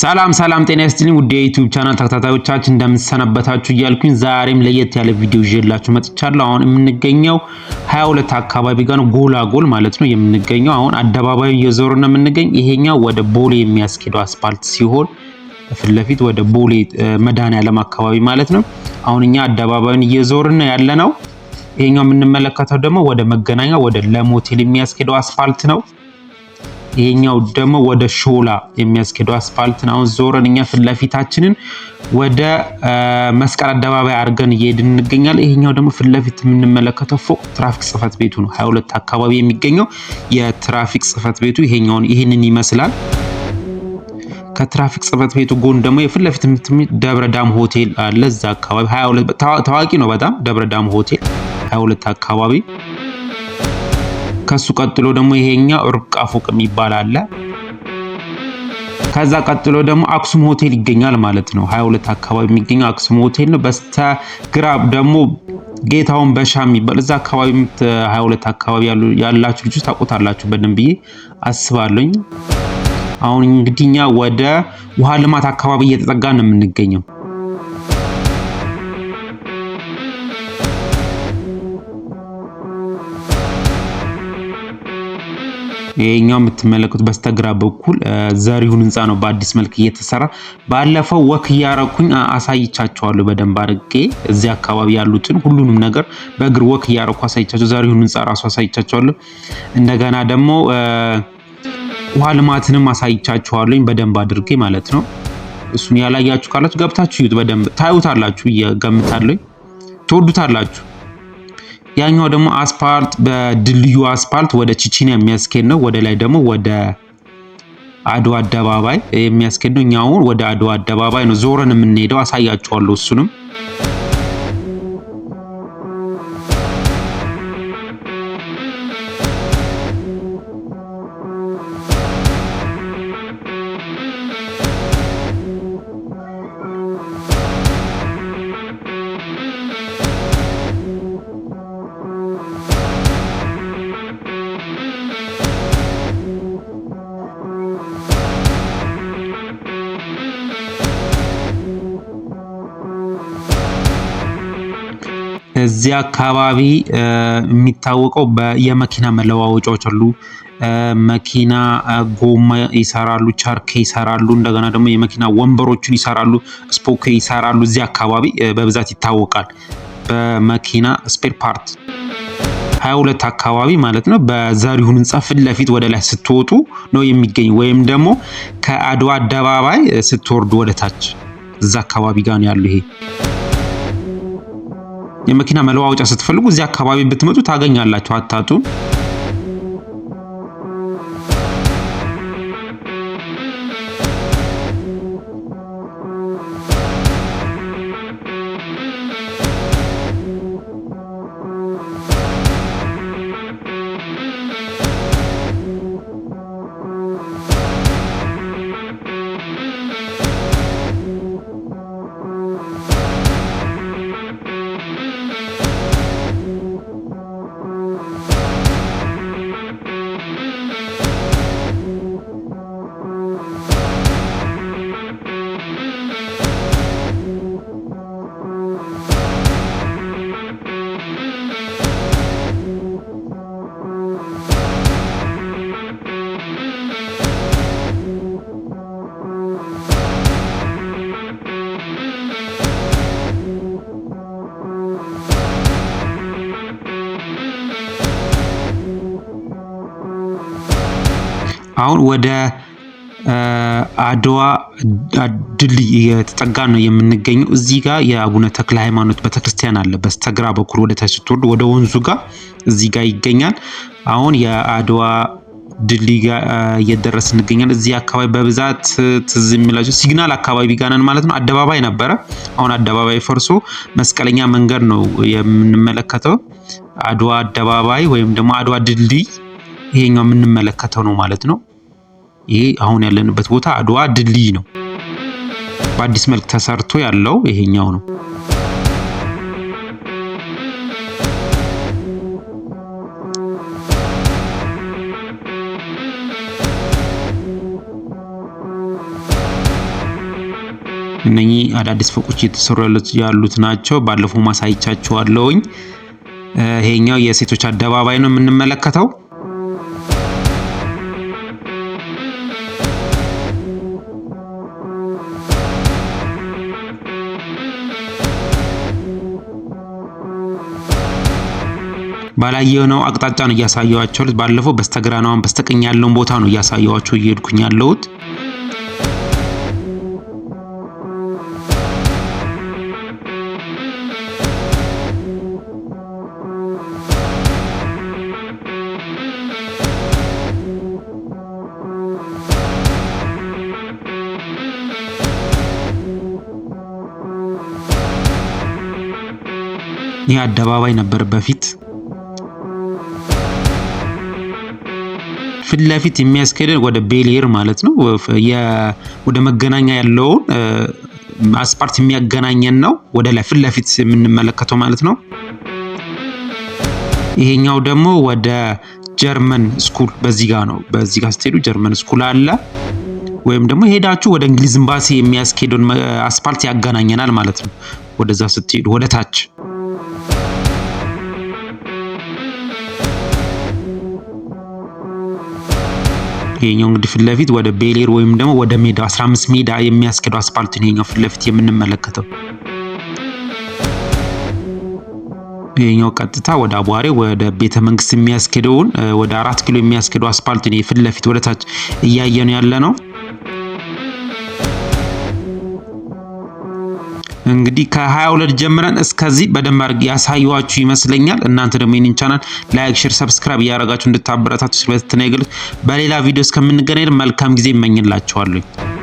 ሰላም ሰላም፣ ጤና ይስጥልኝ ውድ የዩቲዩብ ቻናል ተከታታዮቻችን እንደምትሰነበታችሁ እያልኩኝ ዛሬም ለየት ያለ ቪዲዮ ይዤላችሁ መጥቻለሁ። አሁን የምንገኘው 22 አካባቢ ጋር ነው፣ ጎላጎል ማለት ነው የምንገኘው። አሁን አደባባዩ እየዞር ነው የምንገኝ። ይሄኛው ወደ ቦሌ የሚያስኬደው አስፓልት ሲሆን ፊት ለፊት ወደ ቦሌ ያለም አካባቢ ማለት ነው። አሁን እኛ አደባባዩን እየዞርን ያለ ነው። ይሄኛው የምንመለከተው ደግሞ ወደ መገናኛ ወደ ለሞቴል የሚያስኬደው አስፓልት ነው። ይሄኛው ደግሞ ወደ ሾላ የሚያስኬደው አስፋልትን አሁን ዞረን እኛ ፊት ለፊታችንን ወደ መስቀል አደባባይ አድርገን እየሄድን እንገኛለን። ይሄኛው ደግሞ ፊት ለፊት የምንመለከተው ፎቅ ትራፊክ ጽህፈት ቤቱ ነው። 22 አካባቢ የሚገኘው የትራፊክ ጽህፈት ቤቱ ይሄኛውን ይህንን ይመስላል። ከትራፊክ ጽህፈት ቤቱ ጎን ደግሞ የፊት ለፊት የምትሚል ደብረ ዳም ሆቴል አለ። እዛ አካባቢ ታዋቂ ነው በጣም ደብረ ዳም ሆቴል 22 አካባቢ ከሱ ቀጥሎ ደግሞ ይሄኛው ሩቃ ፎቅ የሚባል አለ። ከዛ ቀጥሎ ደግሞ አክሱም ሆቴል ይገኛል ማለት ነው። 22 አካባቢ የሚገኘው አክሱም ሆቴል ነው። በስተግራ ደግሞ ጌታውን በሻ የሚባል እዛ አካባቢ 22 አካባቢ ያላችሁ ልጆች ታውቁታላችሁ በደንብ ብዬ አስባለኝ። አሁን እንግዲህ እኛ ወደ ውሃ ልማት አካባቢ እየተጠጋ ነው የምንገኘው። ይሄኛው የምትመለከቱት በስተግራ በኩል ዘሪሁን ህንፃ ነው በአዲስ መልክ እየተሰራ ባለፈው ወክ እያረኩኝ አሳይቻቸዋለሁ በደንብ አድርጌ እዚህ አካባቢ ያሉትን ሁሉንም ነገር በእግር ወክ እያረኩ አሳይቻቸው ዘሪሁን ህንፃ ራሱ አሳይቻቸዋለሁ እንደገና ደግሞ ውሃ ልማትንም አሳይቻቸዋለኝ በደንብ አድርጌ ማለት ነው እሱን ያላያችሁ ካላችሁ ገብታችሁ ይዩት በደንብ ታዩታላችሁ እየገምታለኝ ትወዱታላችሁ ያኛው ደግሞ አስፓልት በድልድዩ አስፓልት ወደ ቺቺን የሚያስኬድ ነው። ወደ ላይ ደግሞ ወደ አድዋ አደባባይ የሚያስኬድ ነው። እኛውን ወደ አድዋ አደባባይ ነው ዞረን የምንሄደው። አሳያችኋለሁ እሱንም እዚህ አካባቢ የሚታወቀው የመኪና መለዋወጫዎች አሉ። መኪና ጎማ ይሰራሉ፣ ቻርኬ ይሰራሉ። እንደገና ደግሞ የመኪና ወንበሮችን ይሰራሉ፣ ስፖክ ይሰራሉ። እዚህ አካባቢ በብዛት ይታወቃል በመኪና ስፔር ፓርት ሀያ ሁለት አካባቢ ማለት ነው። በዛሪሁን ህንፃ ፊት ለፊት ወደ ላይ ስትወጡ ነው የሚገኝ ወይም ደግሞ ከአድዋ አደባባይ ስትወርዱ ወደ ታች እዛ አካባቢ ጋር ነው ያሉ ይሄ የመኪና መለዋወጫ ስትፈልጉ እዚህ አካባቢ ብትመጡ ታገኛላችሁ፣ አታጡም። አሁን ወደ አድዋ ድልድይ እየተጠጋ ነው የምንገኘው። እዚህ ጋር የአቡነ ተክለ ሃይማኖት ቤተክርስቲያን አለ። በስተግራ በኩል ወደ ታች ስትወርድ ወደ ወንዙ ጋር እዚህ ጋር ይገኛል። አሁን የአድዋ ድልድይ ጋር እየደረስ እንገኛል። እዚህ አካባቢ በብዛት ትዝ የሚላቸው ሲግናል አካባቢ ጋነን ማለት ነው። አደባባይ ነበረ። አሁን አደባባይ ፈርሶ መስቀለኛ መንገድ ነው የምንመለከተው። አድዋ አደባባይ ወይም ደግሞ አድዋ ድልድይ ይሄኛው የምንመለከተው ነው ማለት ነው። ይሄ አሁን ያለንበት ቦታ አድዋ ድልድይ ነው። በአዲስ መልክ ተሰርቶ ያለው ይሄኛው ነው። እነኚህ አዳዲስ ፎቆች እየተሰሩ ያሉት ናቸው። ባለፈው ማሳይቻችኋለሁኝ። ይሄኛው የሴቶች አደባባይ ነው የምንመለከተው። ነው አቅጣጫ ነው እያሳየዋቸው። ባለፈው በስተግራ ነው፣ በስተቀኝ ያለውን ቦታ ነው እያሳየዋቸው እየሄድኩኝ ያለሁት። ይህ አደባባይ ነበር በፊት ፊት ለፊት የሚያስኬደን ወደ ቤሌር ማለት ነው። ወደ መገናኛ ያለውን አስፓልት የሚያገናኘን ነው። ወደ ላይ ፊት ለፊት የምንመለከተው ማለት ነው። ይሄኛው ደግሞ ወደ ጀርመን ስኩል በዚህ ጋር ነው። በዚህ ጋር ስትሄዱ ጀርመን ስኩል አለ። ወይም ደግሞ ሄዳችሁ ወደ እንግሊዝ ኤምባሲ የሚያስኬደውን አስፓልት ያገናኘናል ማለት ነው። ወደዛ ስትሄዱ ወደ ታች ይሄኛው እንግዲህ ፊት ለፊት ወደ ቤሌር ወይም ደግሞ ወደ ሜዳ 15 ሜዳ የሚያስኬደው አስፓልት ይሄኛው ፊት ለፊት የምንመለከተው። ይሄኛው ቀጥታ ወደ አቧሬ ወደ ቤተ መንግስት የሚያስኬደውን ወደ አራት ኪሎ የሚያስኬደው አስፓልት ነው። ፊት ለፊት ወደ ታች እያየን ያለ ነው። እንግዲህ ከ22 ጀምረን እስከዚህ በደንብ አድርጌ ያሳየኋችሁ ይመስለኛል። እናንተ ደግሞ ይህንን ቻናል ላይክ፣ ሼር፣ ሰብስክራይብ እያደረጋችሁ እንድታበረታቱ ስለ በሌላ ቪዲዮ እስከምንገናኝ መልካም ጊዜ እመኝላችኋለሁ።